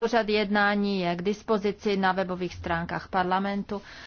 Pořad jednání je k dispozici na webových stránkách parlamentu.